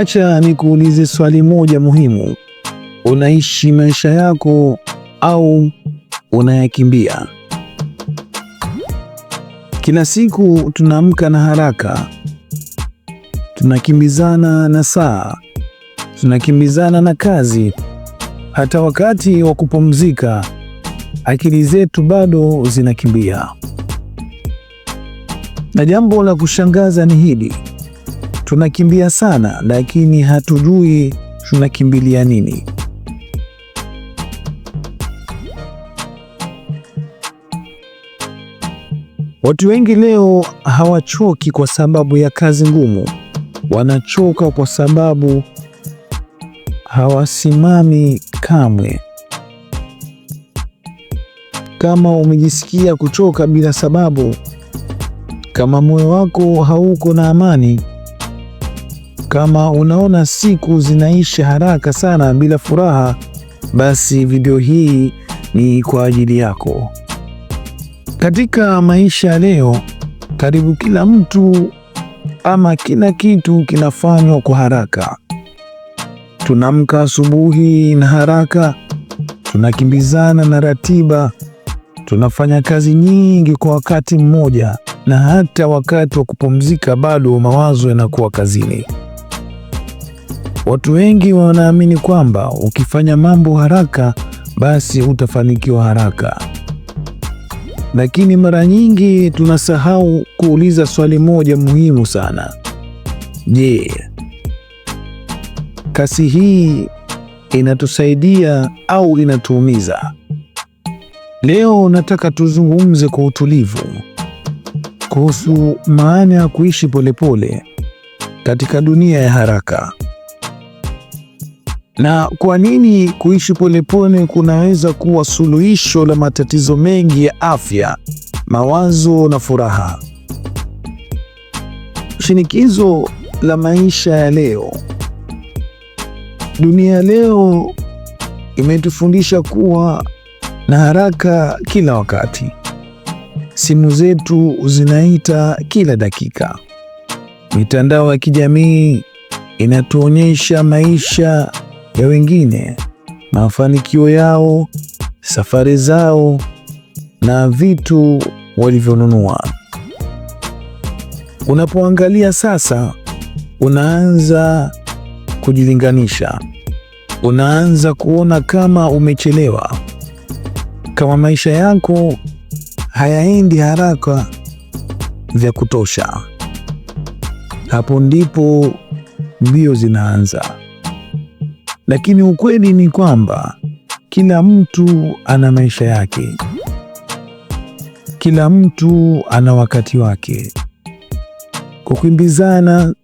Acha nikuulize swali moja muhimu. Unaishi maisha yako au unayakimbia? Kila siku tunaamka na haraka, tunakimbizana na saa, tunakimbizana na kazi. Hata wakati wa kupumzika, akili zetu bado zinakimbia. Na jambo la kushangaza ni hili Tunakimbia sana, lakini hatujui tunakimbilia nini. Watu wengi leo hawachoki kwa sababu ya kazi ngumu, wanachoka kwa sababu hawasimami kamwe. Kama umejisikia kuchoka bila sababu, kama moyo wako hauko na amani, kama unaona siku zinaisha haraka sana bila furaha, basi video hii ni kwa ajili yako. Katika maisha ya leo, karibu kila mtu ama kila kitu kinafanywa kwa haraka. tunamka asubuhi na haraka, tunakimbizana na ratiba, tunafanya kazi nyingi kwa wakati mmoja, na hata wakati wa kupumzika bado mawazo yanakuwa kazini. Watu wengi wanaamini kwamba ukifanya mambo haraka basi utafanikiwa haraka, lakini mara nyingi tunasahau kuuliza swali moja muhimu sana. Je, kasi hii inatusaidia au inatuumiza? Leo nataka tuzungumze kwa utulivu kuhusu maana ya kuishi polepole katika dunia ya haraka na kwa nini kuishi polepole kunaweza kuwa suluhisho la matatizo mengi ya afya, mawazo na furaha. Shinikizo la maisha ya leo. Dunia leo imetufundisha kuwa na haraka kila wakati. Simu zetu zinaita kila dakika. Mitandao ya kijamii inatuonyesha maisha ya wengine, mafanikio yao, safari zao na vitu walivyonunua. Unapoangalia sasa, unaanza kujilinganisha, unaanza kuona kama umechelewa, kama maisha yako hayaendi haraka vya kutosha. Hapo ndipo mbio zinaanza. Lakini ukweli ni kwamba kila mtu ana maisha yake, kila mtu ana wakati wake. Kukimbizana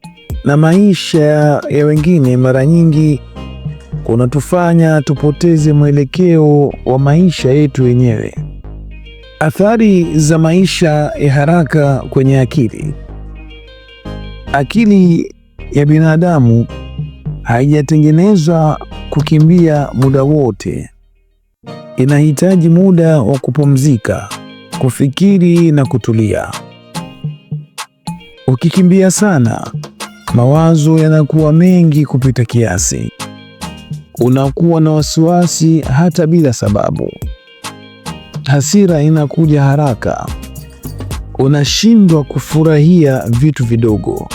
na maisha ya wengine mara nyingi kunatufanya tupoteze mwelekeo wa maisha yetu wenyewe. Athari za maisha ya haraka kwenye akili. Akili ya binadamu haijatengenezwa kukimbia muda wote. Inahitaji muda wa kupumzika, kufikiri na kutulia. Ukikimbia sana, mawazo yanakuwa mengi kupita kiasi. Unakuwa na wasiwasi hata bila sababu. Hasira inakuja haraka. Unashindwa kufurahia vitu vidogo.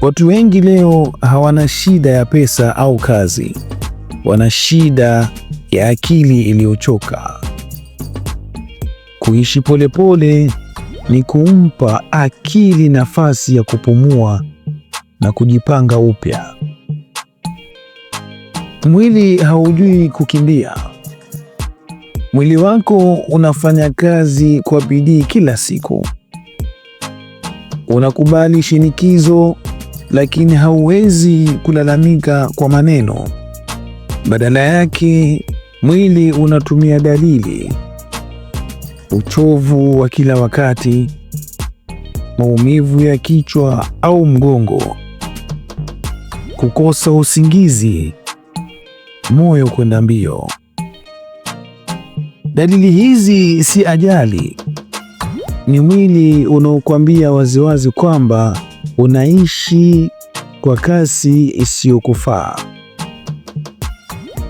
Watu wengi leo hawana shida ya pesa au kazi, wana shida ya akili iliyochoka. Kuishi polepole ni kumpa akili nafasi ya kupumua na kujipanga upya. Mwili haujui kukimbia. Mwili wako unafanya kazi kwa bidii kila siku, unakubali shinikizo lakini hauwezi kulalamika kwa maneno. Badala yake mwili unatumia dalili: uchovu wa kila wakati, maumivu ya kichwa au mgongo, kukosa usingizi, moyo kwenda mbio. Dalili hizi si ajali, ni mwili unaokuambia waziwazi kwamba unaishi kwa kasi isiyokufaa.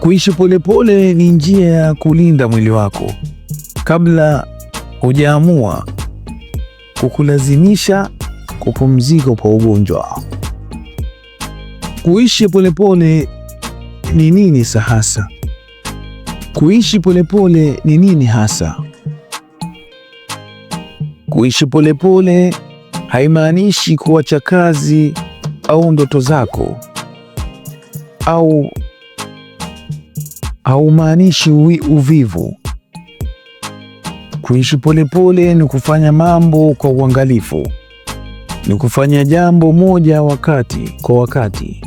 Kuishi polepole ni njia ya kulinda mwili wako kabla hujaamua kukulazimisha kupumzika kwa ugonjwa. Kuishi polepole ni nini hasa? Kuishi polepole ni nini hasa? Kuishi polepole haimaanishi kuacha kazi au ndoto zako au haumaanishi uvivu. Kuishi polepole ni kufanya mambo kwa uangalifu, ni kufanya jambo moja wakati kwa wakati.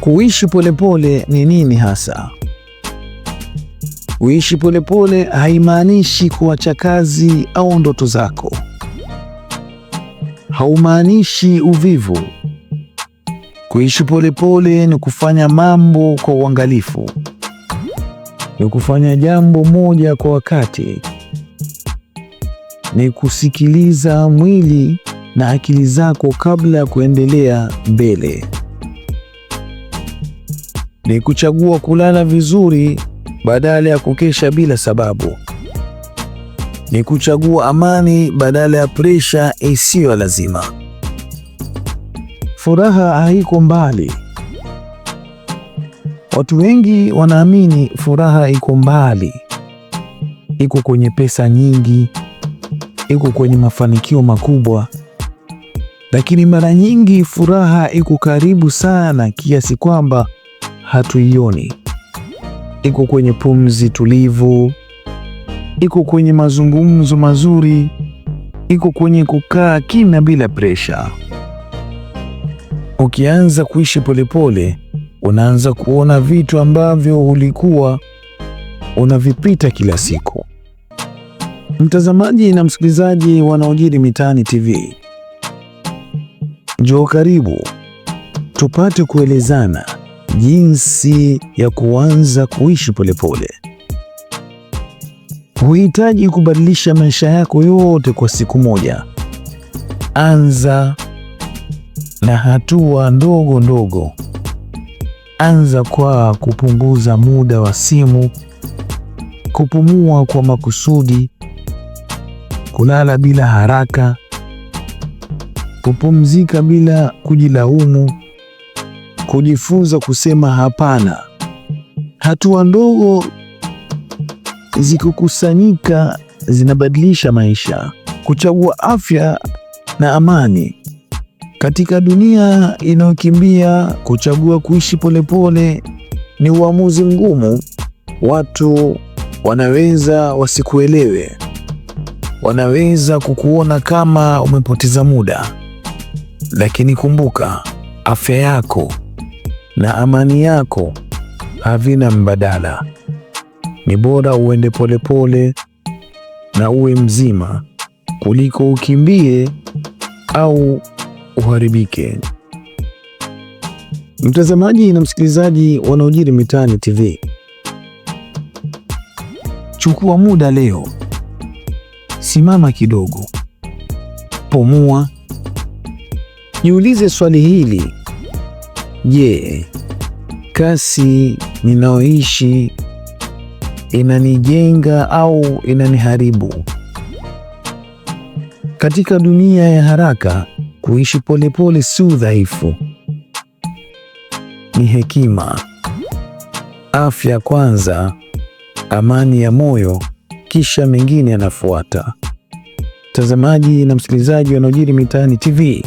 Kuishi polepole ni nini hasa? Kuishi polepole haimaanishi kuacha kazi au ndoto zako haumaanishi uvivu. Kuishi polepole ni kufanya mambo kwa uangalifu, ni kufanya jambo moja kwa wakati, ni kusikiliza mwili na akili zako kabla ya kuendelea mbele, ni kuchagua kulala vizuri badala ya kukesha bila sababu ni kuchagua amani badala ya presha isiyo lazima. Furaha haiko mbali. Watu wengi wanaamini furaha iko mbali, iko kwenye pesa nyingi, iko kwenye mafanikio makubwa, lakini mara nyingi furaha iko karibu sana kiasi kwamba hatuioni. Iko kwenye pumzi tulivu, iko kwenye mazungumzo mazuri, iko kwenye kukaa kimya bila presha. Ukianza kuishi polepole, unaanza kuona vitu ambavyo ulikuwa unavipita kila siku. Mtazamaji na msikilizaji wanaojiri mitaani TV, njoo karibu tupate kuelezana jinsi ya kuanza kuishi polepole. Huhitaji kubadilisha maisha yako yote kwa siku moja. Anza na hatua ndogo ndogo. Anza kwa kupunguza muda wa simu, kupumua kwa makusudi, kulala bila haraka, kupumzika bila kujilaumu, kujifunza kusema hapana. Hatua ndogo zikikusanyika zinabadilisha maisha, kuchagua afya na amani. Katika dunia inayokimbia, kuchagua kuishi polepole ni uamuzi ngumu. Watu wanaweza wasikuelewe, wanaweza kukuona kama umepoteza muda, lakini kumbuka, afya yako na amani yako havina mbadala. Ni bora uende polepole na uwe mzima kuliko ukimbie au uharibike. Mtazamaji na msikilizaji yanayojiri mitaani TV, chukua muda leo, simama kidogo, pumua, jiulize swali hili: je, kasi ninayoishi inanijenga au inaniharibu? Katika dunia ya haraka, kuishi polepole si udhaifu, ni hekima. Afya kwanza, amani ya moyo, kisha mengine yanafuata. Mtazamaji na msikilizaji yanayojiri mitaani TV,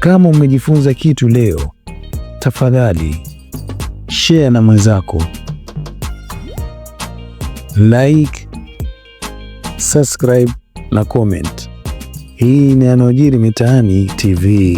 kama umejifunza kitu leo, tafadhali share na mwenzako like, subscribe na comment. Hii ni yanayojiri mitaani TV.